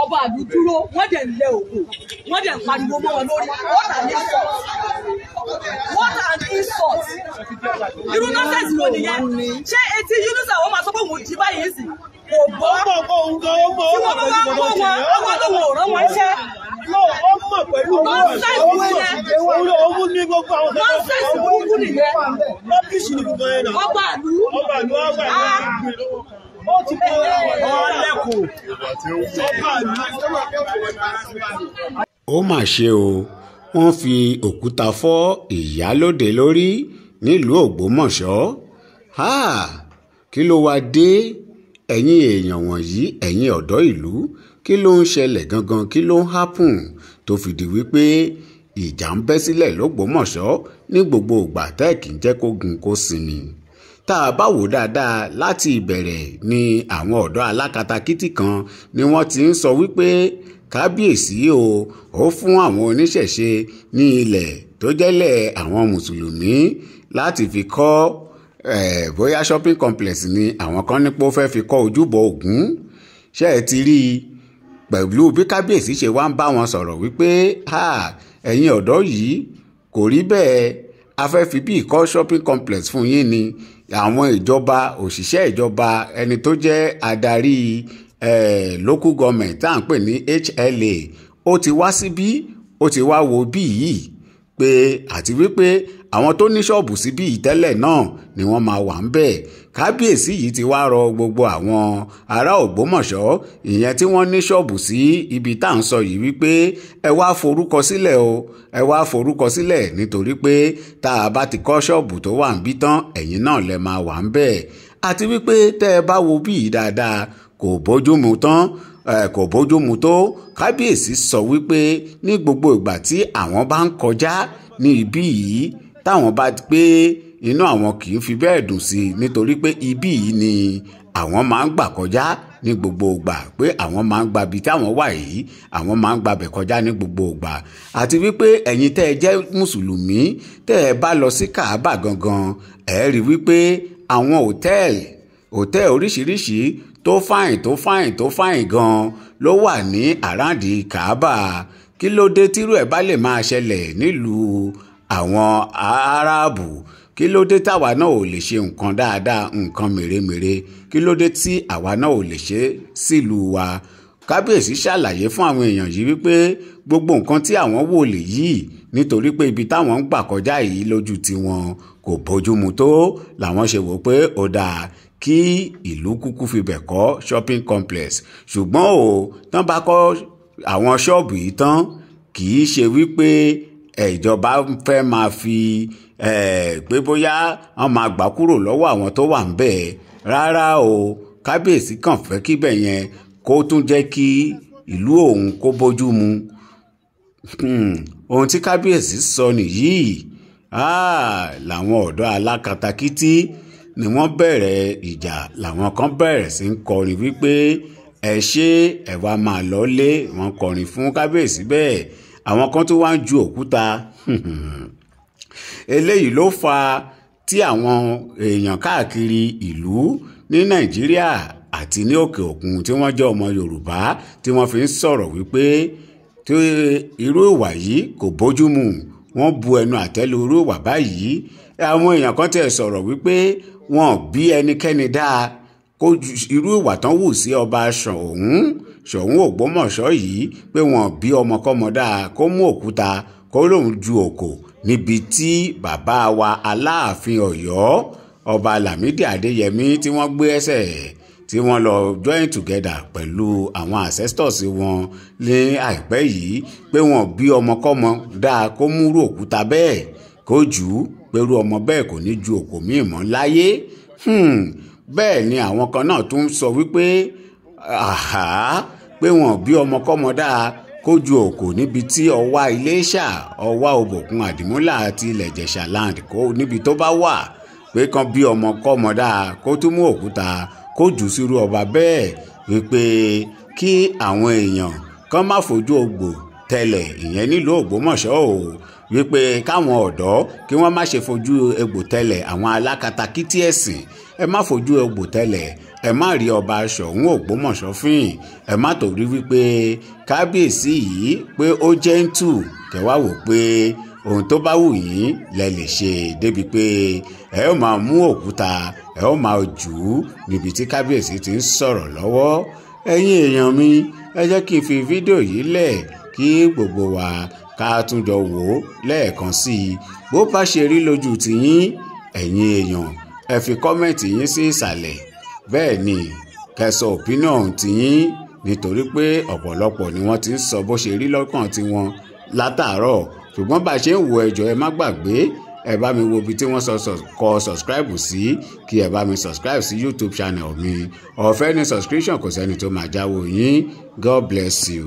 ọba àbí dúró wọ́n dẹ̀ ń lẹ òkú wọ́n dẹ̀ ń pariwo mọ́ wọn lórí what an insult what an insult irú nọ́ọ̀sẹ̀sì wo nìyẹn ṣé etí Yunusa wọ́n máa sọ pé òun jí báyìí sí kò gbọ́ tí wọ́n bá wá kó wọn ọwọ́ lòun ò rán wọn iṣẹ́ mọ̀ pẹ̀lú owó ní gbogbo àwọn ọ̀sẹ̀sẹ̀ owó nìyẹn lọ́bìsì ní gbogbo ẹ̀rọ ọba àlú ọba àlú ọba àlú ah. ó ti kọ́ ọlẹ́kùn ọba àlú. ó mà ṣe o wọ́n fi òkúta fọ́ ìyálóde lórí nílùú Ògbómọ̀ṣọ́ kí ló wá dé ẹ̀yin èèyàn wọ̀nyí ẹ̀yin ọ̀dọ́ ìlú kí ló ń ṣẹlẹ̀ gangan kí ló ń hápùn tó fi di wípé ìjà ń bẹ́ sílẹ̀ lọ́gbọ́mọ̀ṣọ́ ní gbogbo ìgbà tẹ́ẹ̀kì ń jẹ́ kó gun kó sinmi tá a bá wò dáadáa láti ìbẹ̀rẹ̀ ni àwọn ọ̀dọ́ alákatakítí kan ni wọ́n ti ń sọ wípé kábíyèsí o ó fún àwọn oníṣẹ̀ṣe ní ilẹ̀ tó jẹ́lẹ̀ àwọn mùsùlùmí láti fi kọ́ bóyá shopping complex ni àwọn kan nípò fẹ́ fi kọ́ ojúbọ Ògún ṣé ẹ ti rí i pẹ̀lú bí kábíyèsí ṣe wá ń bá wọn sọ̀rọ̀ wípé ẹ̀yin ọ̀dọ́ yìí kò rí bẹ́ẹ̀ a bí ìkọ́ shopping complex fún yín ni àwọn ìjọba òṣìṣẹ́ ìjọba ẹni tó jẹ́ adarí local government tá à ń pè ní HLA ó ti wá síbí ó ti wá wo bí yìí pé àti wípé àwọn tó ní ṣọ́ọ̀bù síbí yìí náà ni wọ́n máa wà ń bẹ́ẹ̀ kábíyèsí yìí ti wá rọ gbogbo àwọn ará ògbómọ̀ṣọ́ ìyẹn tí wọ́n ní ṣọ́ọ̀bù sí ibi tá à ń sọ yìí wípé ẹ wá forúkọ sílẹ̀ o ẹ wá forúkọ sílẹ̀ nítorí pé tá a bá ti kọ́ ṣọ́ọ̀bù tó wà ń bí tán ẹ̀yin náà lẹ máa wà ń bẹ̀ àti wípé tẹ́ ẹ bá wo bíi dáadáa kò bójú mu tán kò bójú mu tó kábíyèsí sọ wípé ní gbogbo ìgbà tí àwọn bá ń kọjá ní ibí yìí táwọn bá pé inú àwọn kì í fi bẹ́ẹ̀ dùn sí i nítorí pé ibí yìí ni àwọn máa ń gbà kọjá ní gbogbo ìgbà pé àwọn máa ń gba ibi táwọn wà yìí àwọn máa ń gbabẹ̀ kọjá ní gbogbo ìgbà àti wípé ẹ̀yin tẹ́ ẹ jẹ́ mùsùlùmí tẹ́ ẹ bá lọ sí Kaaba gangan ẹ rí wípé àwọn hòtẹ́ẹ̀lì hòtẹ́ẹ̀lì oríṣiríṣi tó fáìn tó fáìn tó fáìn gan ló wà ní àràǹdì Kaaba kí ló dé tírú ẹ̀ bá lè máa ṣẹlẹ̀ nílùú àwọn aráàbù kí ló dé táwa náà ò lè ṣe nǹkan dáadáa nǹkan mèremère kí ló dé tí àwa náà ò lè ṣe sílùú wa kábíyèsí ṣàlàyé fún àwọn èèyàn yìí wípé gbogbo nǹkan tí àwọn wò lè yìí nítorí pé ibi táwọn ń gbà kọjá yìí lójú tiwọn kò bójúmu tó làwọn ṣe wò pé ó dáa kí ìlú kúkú fibẹ̀ kọ́ shopping complex ṣùgbọ́n o tán bá kọ́ àwọn ṣọ́ọ̀bù yìí tán kì í ṣe wípé ìjọba fẹ́ máa fi. Eh, pé bóyá wọ́n máa gbà kúrò lọ́wọ́ àwọn tó wà ń bẹ̀ rárá o kábíyèsí kàn fẹ́ kíbẹ̀ yẹn kó tún jẹ́ kí ìlú òun kó bójú mu hmm, ohun tí kábíyèsí sọ nìyí ah, làwọn ọ̀dọ́ alákatakítí ni wọ́n bẹ̀rẹ̀ ìjà làwọn kan bẹ̀rẹ̀ sí ń kọrin wípé ẹ ṣe ẹ wá máa lọ́lé wọ́n kọrin fún kábíyèsí bẹ́ẹ̀ àwọn kan tó wá ń ju òkúta eléyìí ló fà á tí àwọn èèyàn káàkiri ìlú ní nàìjíríà àti ní òkè òkun tí wọ́n jẹ́ ọmọ yorùbá tí wọ́n fi ń sọ̀rọ̀ wípé tí irú ìwà yìí kò bójú mu wọ́n bu ẹnu àtẹ́lu irú ìwà báyìí àwọn èèyàn kan tẹ̀ sọ̀rọ̀ wípé wọn ò bí ẹnikẹ́ni dáa kó irú ìwà tán wù sí ọba ṣọ̀hún ṣọ̀hún ògbómọ̀ṣọ́ yìí pé wọn bí ọmọkọ́mọ dáa kó mú òkúta kó lóun ju òkò níbi tí bàbá wa aláàfin ọ̀yọ́ ọba lámìdí adéyẹmí tí wọ́n gbé ẹsẹ̀ tí wọ́n lọ join together pẹ̀lú àwọn ancestors wọn ní àìpẹ́ yìí pé wọ́n bí ọmọkọ́mọ dáa kó múrú òkúta bẹ́ẹ̀ kó jù ú pẹ̀lú ọmọ bẹ́ẹ̀ kò ní ju òkò míì mọ́ láyé hmm, bẹ́ẹ̀ ni àwọn kan náà tún sọ wípé àhá pé wọ́n bí ọmọkọ́mọ dáa kójú òkò níbi tí ọwá iléṣà ọwá òbòkun àdìmúlà àti ilẹ̀ ìjẹ̀ṣà land kó níbi tó bá wà pé kan bí ọmọ kọ́mọ dáa kó tún mú òkúta kó jù sírú ọba bẹ́ẹ̀ wípé kí àwọn èèyàn kan má fojú ogbò tẹ́lẹ̀ ìyẹn nílùú Ògbómọ̀ṣọ́ o wípé káwọn ọ̀dọ́ kí wọ́n má ṣe fojú egbò tẹ́lẹ̀ àwọn alákatakítí ẹ̀sìn ẹ má fojú egbò tẹ́lẹ̀ ẹ má rí ọba Ṣọ̀ún Ògbómọ̀ṣọ́ fín ẹ má torí wípé kábíyèsí yìí pé ó jẹ́ ń tù kẹwàá wò pé ohun tó bá wù yín lẹ lè ṣe débi pé ẹ ó máa mú òkúta ẹ ó máa jù ú níbi tí kábíyèsí ti ń sọ̀rọ̀ lọ́wọ́ ẹ̀yin èèyàn mi ẹ jẹ́ kí n fi fídíò yìí lẹ̀ kí gbogbo wa ká tún jọ wò ó lẹ́ẹ̀kan sí i bó bá ṣe rí lójú tìyín ẹ̀yin èèyàn ẹ fi kọ́mẹ̀ntì yín sí ìsàlẹ̀ bẹ́ẹ̀ ni kẹsọ opinion tìyín nítorí pé ọ̀pọ̀lọpọ̀ ni wọ́n ti ń sọ bó ṣe rí lọ́kàn tiwọn látàárọ̀ ṣùgbọ́n bá a ṣe ń wo ẹjọ́ ẹ má gbàgbé ẹ bá mi wo ibi tí wọ́n kọ subscribe sí kí ẹ bá mi subscribe sí YouTube channel mi ọ̀fẹ́ ni subscription kò sẹ́ni tó máa jáwọ́ yín God bless you.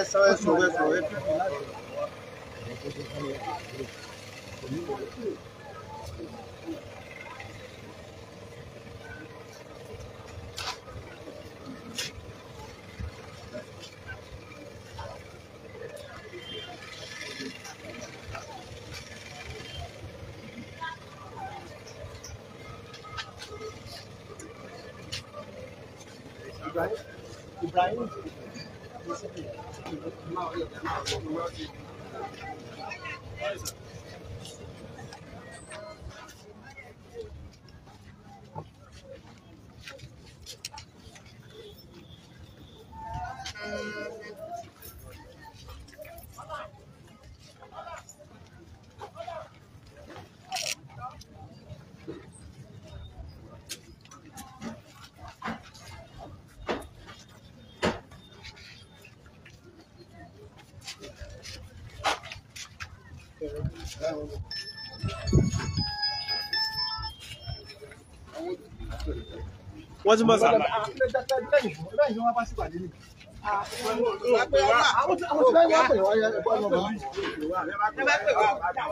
ẹsọ ẹsọ ẹsọ ẹsọ wọ́n ti mọ̀ sábà. àwọn tí wọ́n pè wá yẹ ẹ̀kọ́ ọ̀nà bàbá.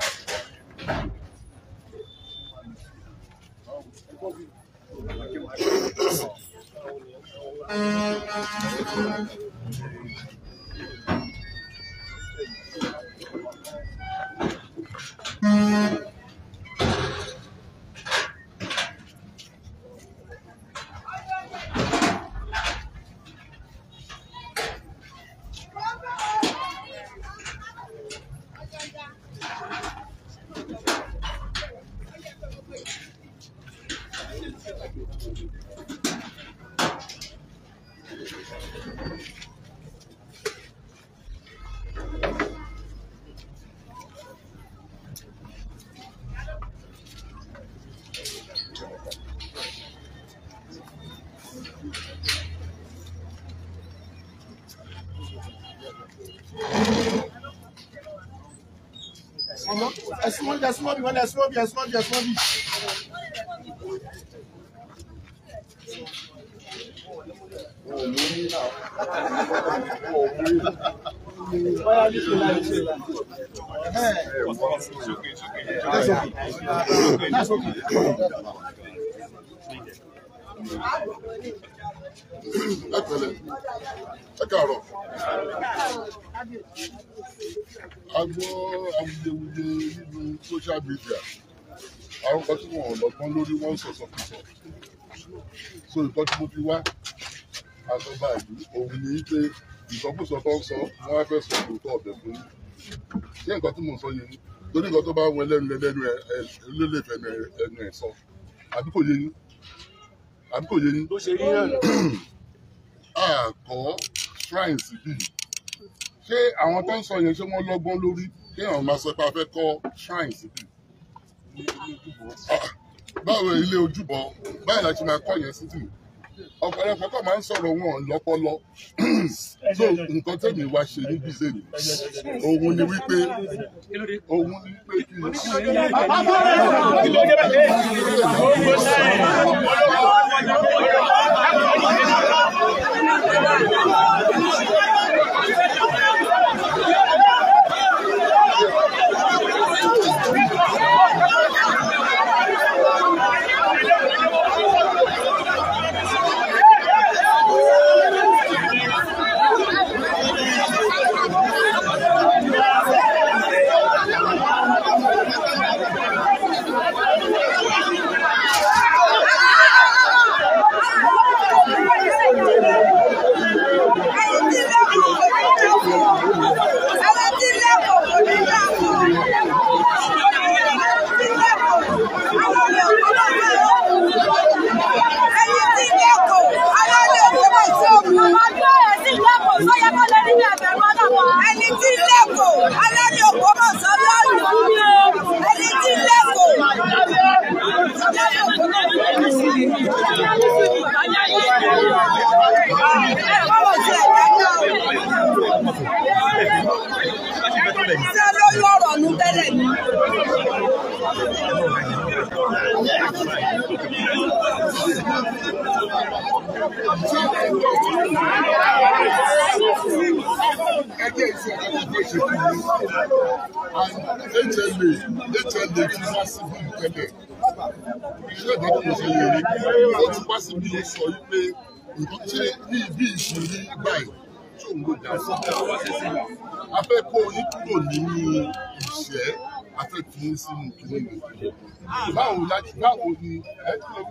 súnmọ́ bí ẹ súnmọ́ bí wọ́n lẹ súnmọ́ bí ẹ súnmọ́ bí That's okay. That's okay ẹ̀pẹ̀lẹ́ ẹ káàárọ̀ a gbọ́ awuyewuye nínú social media àwọn kan tí wọ́n lọ́gbọ́n lórí wọ́n sọ̀sọ̀ kùsọ̀ so nǹkan tí mo fi wá àtọ́gbà yìí òun ni pé ìsọkúsọ tó ń sọ wọ́n á fẹ́ sọ òótọ́ ọ̀bẹ fún yín ṣé nǹkan tí mo sọ yẹn torí nǹkan tó bá wọn lẹ́nu lẹ́nu ẹ̀ lólè fẹ́nu ẹ̀ sọ àbí kò yé yín àbí kò yé yín tó ṣe rí náà àkọ́ shrines bíi ṣé àwọn tó ń sọ yẹn ṣé wọ́n lọ́gbọ́n lórí kéèyàn máa sọ pé a fẹ́ kọ́ shrines bíi báwo ilé ojúbọ báyìí láti máa kọ́ yẹn sídìí ọ̀pọ̀lọpọ̀ kọ́ máa ń sọ̀rọ̀ wọn lọ́pọlọ so nǹkan tẹ̀mí wa ṣe ní bíze òun ni wípé òun ni wípé kí ni. ìyẹn tí wọ́n sì fún tẹ́lẹ̀ ṣẹ́ẹ̀dá tó ń ṣe lè rí ó ti wá síbi ó sọ wípé nǹkan tí ní ibi ìṣòrí báyìí tí òun ló dá sí a fẹ́ kó yín kúrò nínú ìṣẹ́ a fẹ́ fi yín sínú ìpínlẹ̀ Èkó báwo la ti báwo ni.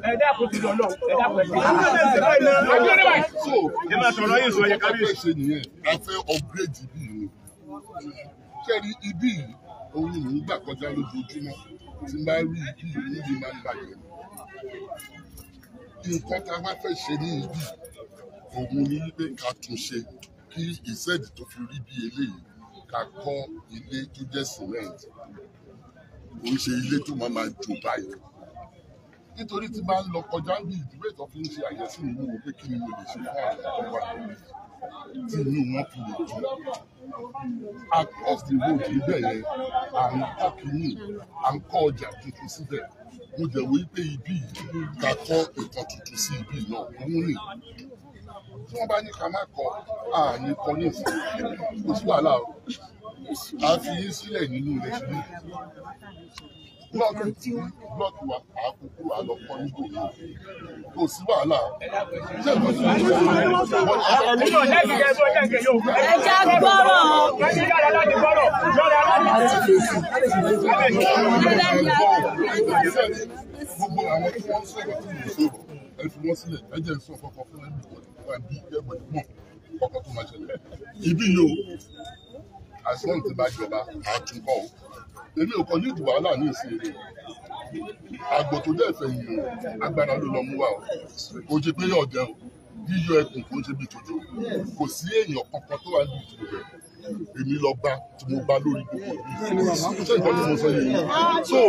ẹ dákun ti lọ lọ ẹ dákun ẹ dákun. so ẹ máa sọ̀rọ̀ yín sọ yẹ kábíyèsí. a fẹ́ upgrade ibi yìí ni kẹ́rin ibi yìí òun ni mò ń gbà kọjá lójoojúmọ́ tí n bá rí ibi ìlú mi máa ń bàjẹ́ nǹkan tá a bá fẹ́ ṣe ní ibi òun ni wípé ká tún ṣe kí ìṣẹ́ẹ̀dì tó fi rí bí eléyìí ká kọ́ ilé tó jẹ́ sìmẹ́ǹtì kò ń ṣe ilé tó máa máa jò báyìí nítorí tí bá ń lọ kọjá bí ìdúró ìtọ́ fi ń ṣe àyẹ̀sí ìlú wo pé kí ni mo lè ṣe fún àwọn ọmọ wa tí inú wọn fi lè jù access the road níbẹ̀ yẹn à ń pàkínní à ń kọ́ ọjà tuntun síbẹ̀ mo jẹ́ wípé ibi ká kọ́ nǹkan tuntun sí ibi náà òun nì tí wọ́n bá ní ká má kọ́ àní kọ́ ní ìfún kò sí wàhálà o a fi yín sílẹ̀ nínú ilé ṣubú blọọkì wa àkókò àlọkọ nígbò yìí kò sí wàhálà. ẹ jẹ́ gbọ́rọ̀. gbogbo àwọn tí wọ́n ń sọ̀rọ̀ tí mo sọ̀rọ̀ ẹ fi wọ́n sílẹ̀ ẹ jẹ́ sọ kọ́kọ́ fún ẹbí wa bí ẹgbẹ́ mọ̀ ọkọ̀ tó máa ṣẹlẹ̀. ibi yìí o àṣọ ìtìbàjọba àtúnkọ́ o èmi ò kàn ní ìdù wàhálà ní ìsìn rẹ̀ àgbọ̀ tó dẹ̀ fẹ̀ yìí agbára ló lọ mú wa o jẹ pé ọ̀dẹ o yíyọ ẹkùn kò jẹ bí tòjò kò sí èèyàn kankan tó wà ní ìdìbò rẹ̀ èmi lọ bá tí mo bá lórí gbogbo mi kò sẹ́yìn kan tí mo sọ yẹn yìí so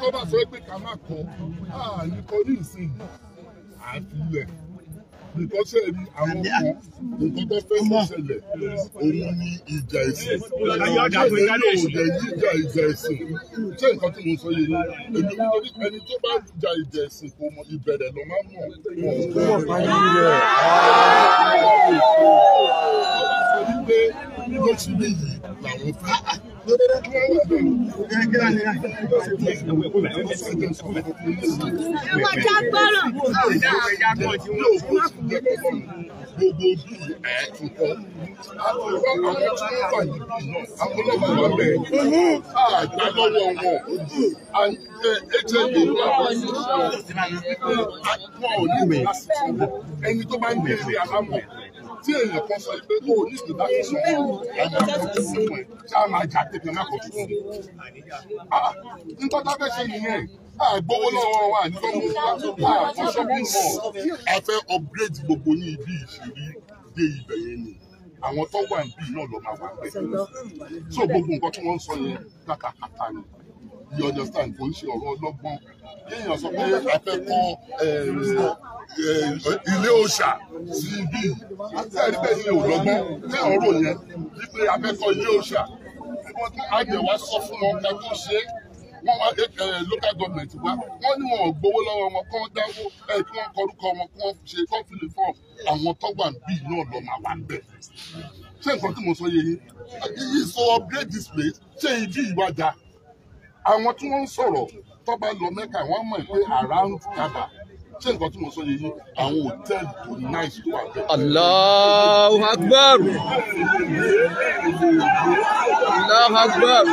tọ́ba sọ pé ká má kọ́ àní kọ́ ní ìsìn àfilẹ̀. Eh, nǹkan tẹ àwọn nǹkan tó fẹ́ mọ̀ ṣẹlẹ̀ òun ni ìjà ẹ̀sìn èmi ò dẹ̀ yí ìjà ìjà ẹ̀sìn ṣé nǹkan tí mo sọ yé ni èmi nítorí ẹni tó bá ja ìjà ẹ̀sìn kò mọ ìbẹ̀rẹ̀ lọ máa mọ̀ wọn. wọ́n sọ wípé lóṣù méjì làwọn fẹ́ ẹ Ẹni tó bá ń bẹ̀rẹ̀ alámọ̀ tí èèyàn kan sọ pé kò ní ìsìn ìdájọ́ sọ ẹ̀dá kan tó fún ẹ̀ tí a máa jà tẹ̀pẹ̀ náà kan tó fún nǹkan tá a fẹ́ ṣe nìyẹn àgbowó lọ́wọ́ wa ní lọ́wọ́ wa àti shopping mall a fẹ́ upgrade gbogbo ní ibi ìṣèlú dé ibẹ̀ yẹn ni àwọn tó wà níbí náà ló máa wà pẹ́. so gbogbo nǹkan tí wọ́n ń sọ yẹn kàkàkàkà ni you understand kò ń ṣe ọ̀rọ̀ ọlọ́gbọ́n kéèyàn sọ pé a fẹ́ kọ́ eh, eh, ilé òòṣà sí ibi àti ẹ̀rí bẹ́ẹ̀ ni ní ọ̀rọ̀ yẹn wípé a fẹ́ kọ́ ilé òòṣà wọ́n tún àjẹwà sọ fún wọn ká tó ṣe wọ́n wá eh, local government wá wọ́n ní wọn gbowó lọ́wọ́ wọn kọ́ dáwó ẹ̀ kí wọ́n kọrúkọ wọn kí ṣe kọ́ fìlè fọ́ọ̀m àwọn tọ́gbà bí náà lọ máa wà bẹ́ẹ̀. ṣé nǹkan tí mo sọ yẹ yín yìí sọ upgrade this place ṣé ibi ìwájà àwọn tí wọ́n ń sọ̀rọ̀ tó bá lọ mẹ́ka wọ́n mọ̀ pé around Kaaba ṣé nǹkan tí mo sọ yìí àwọn hòtẹ́ẹ̀lì tó nice tó wà bẹ́ẹ̀. Allahu Akbar Allahu Akbar.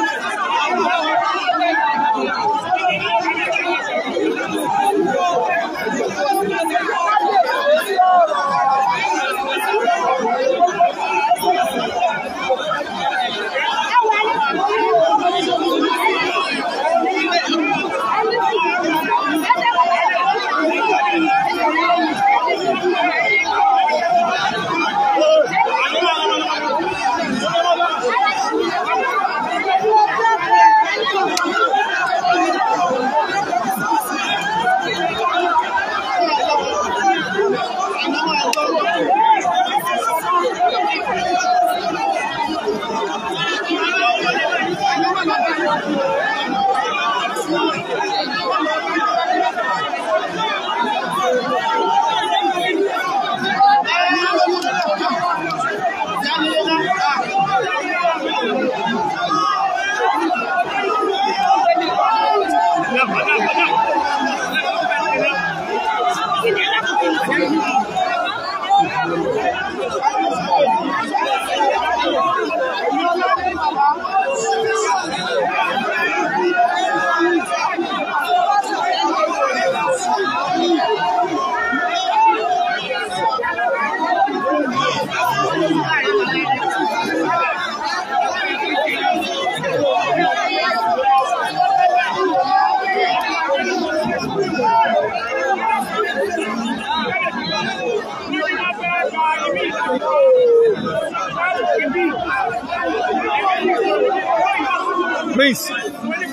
Please,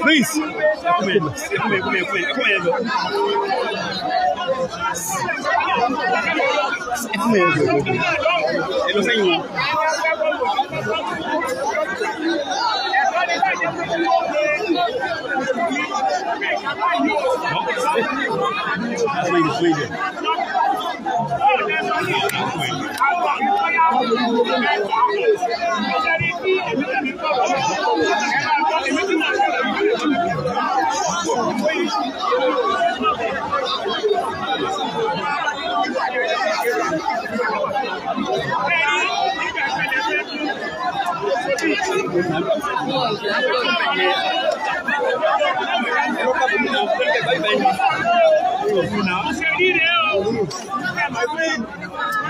please. Come here, come here, come here, come here. Come here, come here. Não, não serviria. É, mas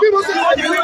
People say,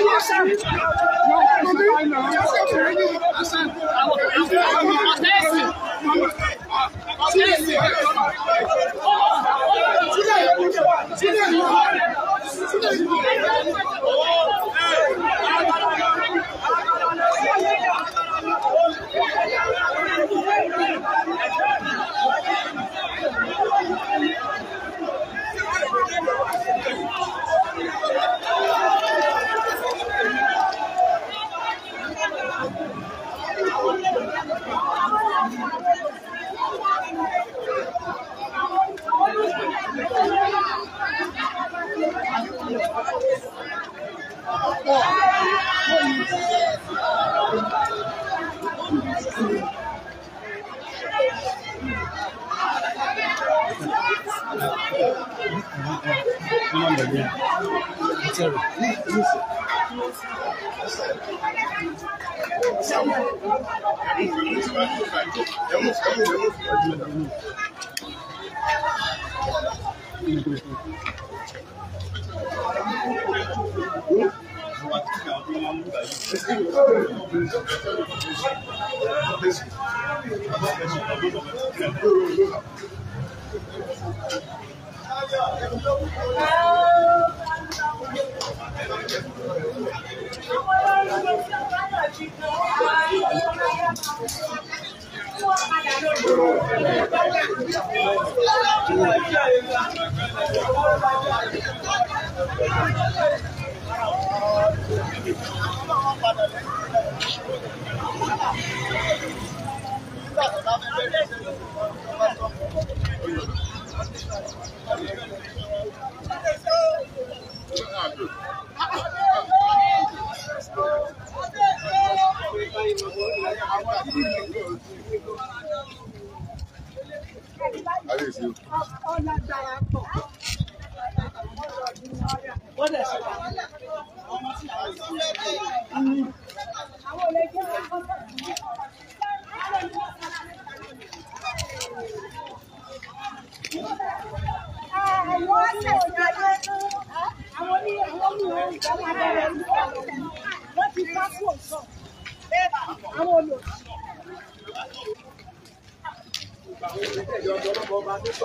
Yes, sir. Yes, sir. pẹ̀lú Thank you.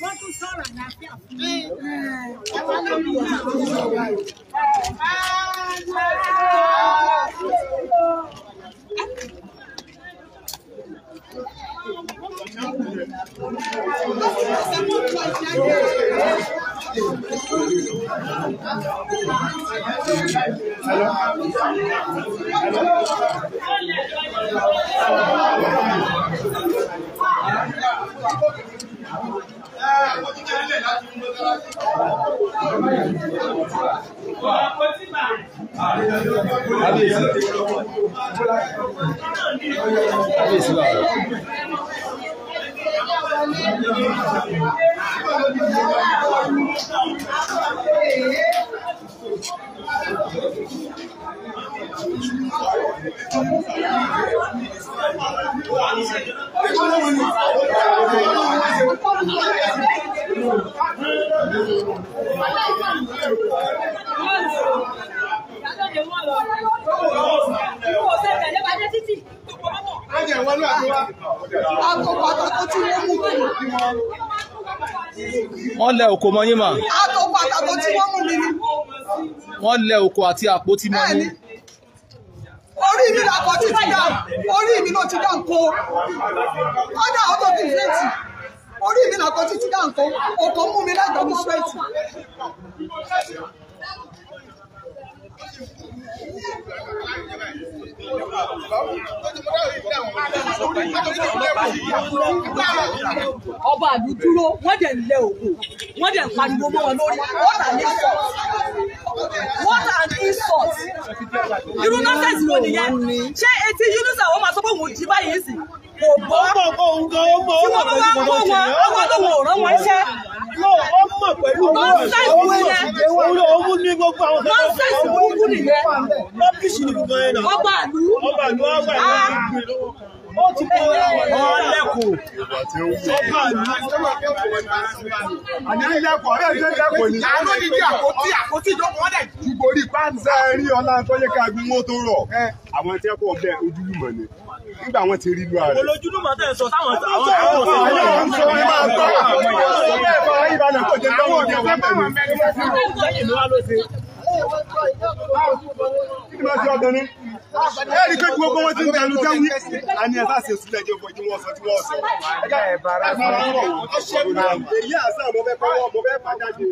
wọ́n tún lẹ oko mọ́ yín mà. àtòkò àtàkò tí wọ́n mú mi ni. wọ́n lẹ oko àti àpótí mọ́ yín. orí mi là kọ́ títí dà orí mi náà ti dà ń kó kọ́dà ọ̀tọ̀ bíi fẹ́ǹtì orí mi là kọ́ títí dà ń kó ọkọ̀ mú mi lẹ́gbẹ̀ẹ́ mọ́ fẹ́ǹtì. Thank you ọba àlù dúró wọ́n dẹ̀ ń lẹ òkú wọ́n dẹ̀ ń pariwo mọ́ wọn lórí what an insult what an insult irú nọ́ọ̀sẹ̀sì wo nìyẹn ṣé etí Yunusa wọ́n máa sọ pé òun jí báyìí sí kò gbọ́ tí wọ́n bá wá ń kó wọn àwọn tó wọn ò rán wọn iṣẹ́ ó mọ̀ pẹ̀lú òun ní gbogbo àwọn nọ́ọ̀sẹ̀sì burúkú nìyẹn ọba àlù ọba àlù ọba àlù ọlẹ́kùn ọba àní ilẹ̀kùn ọ̀rẹ́ ìṣe ìlẹ̀kùn ni. àánú ni bí àkótí àkótí ìjọba wọn dẹ̀. ìborí pàǹsá rí ọlá tó yẹ ká gbin wọn tó rọ àwọn tí ẹkọ ọbẹ ojúlùmọ̀ ni nígbà wọn ti rí lu ààrẹ. olójúlùmọ̀ tẹ̀ sọ táwọn táwọn ọmọ sí i. àwọn ọmọ sọ ẹ máa gbọ́ àwọn ọmọ ìbàdàn kò jẹ́ lọ́wọ́ ọ̀dẹ̀ wọn kí ló ṣe ọdún ní. ẹ rí i pé gbogbo wọn ti ń tẹnu tẹ́wí. a ní ẹ bá ṣe sílẹ̀ jẹ́ fún ìdíwọ̀n sọ tí wọ́n sọ. ẹ bára sọ ọ́ ṣe èyí àṣà mo fẹ́ pàwọ́ mo fẹ́ padà jù.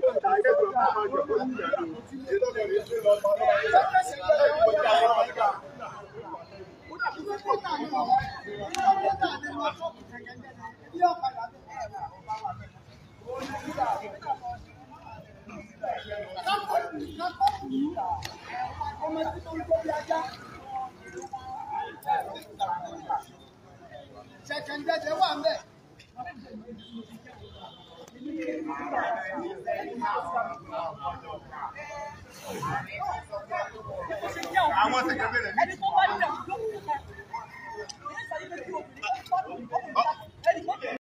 Thank you. Ṣẹ̀kẹ̀ndẹ̀dẹ̀ wà ń bẹ̀. Àwọn ṣẹ̀kẹ̀ndẹ̀dẹ̀ ní. Ẹni tó bá nílò ló kú.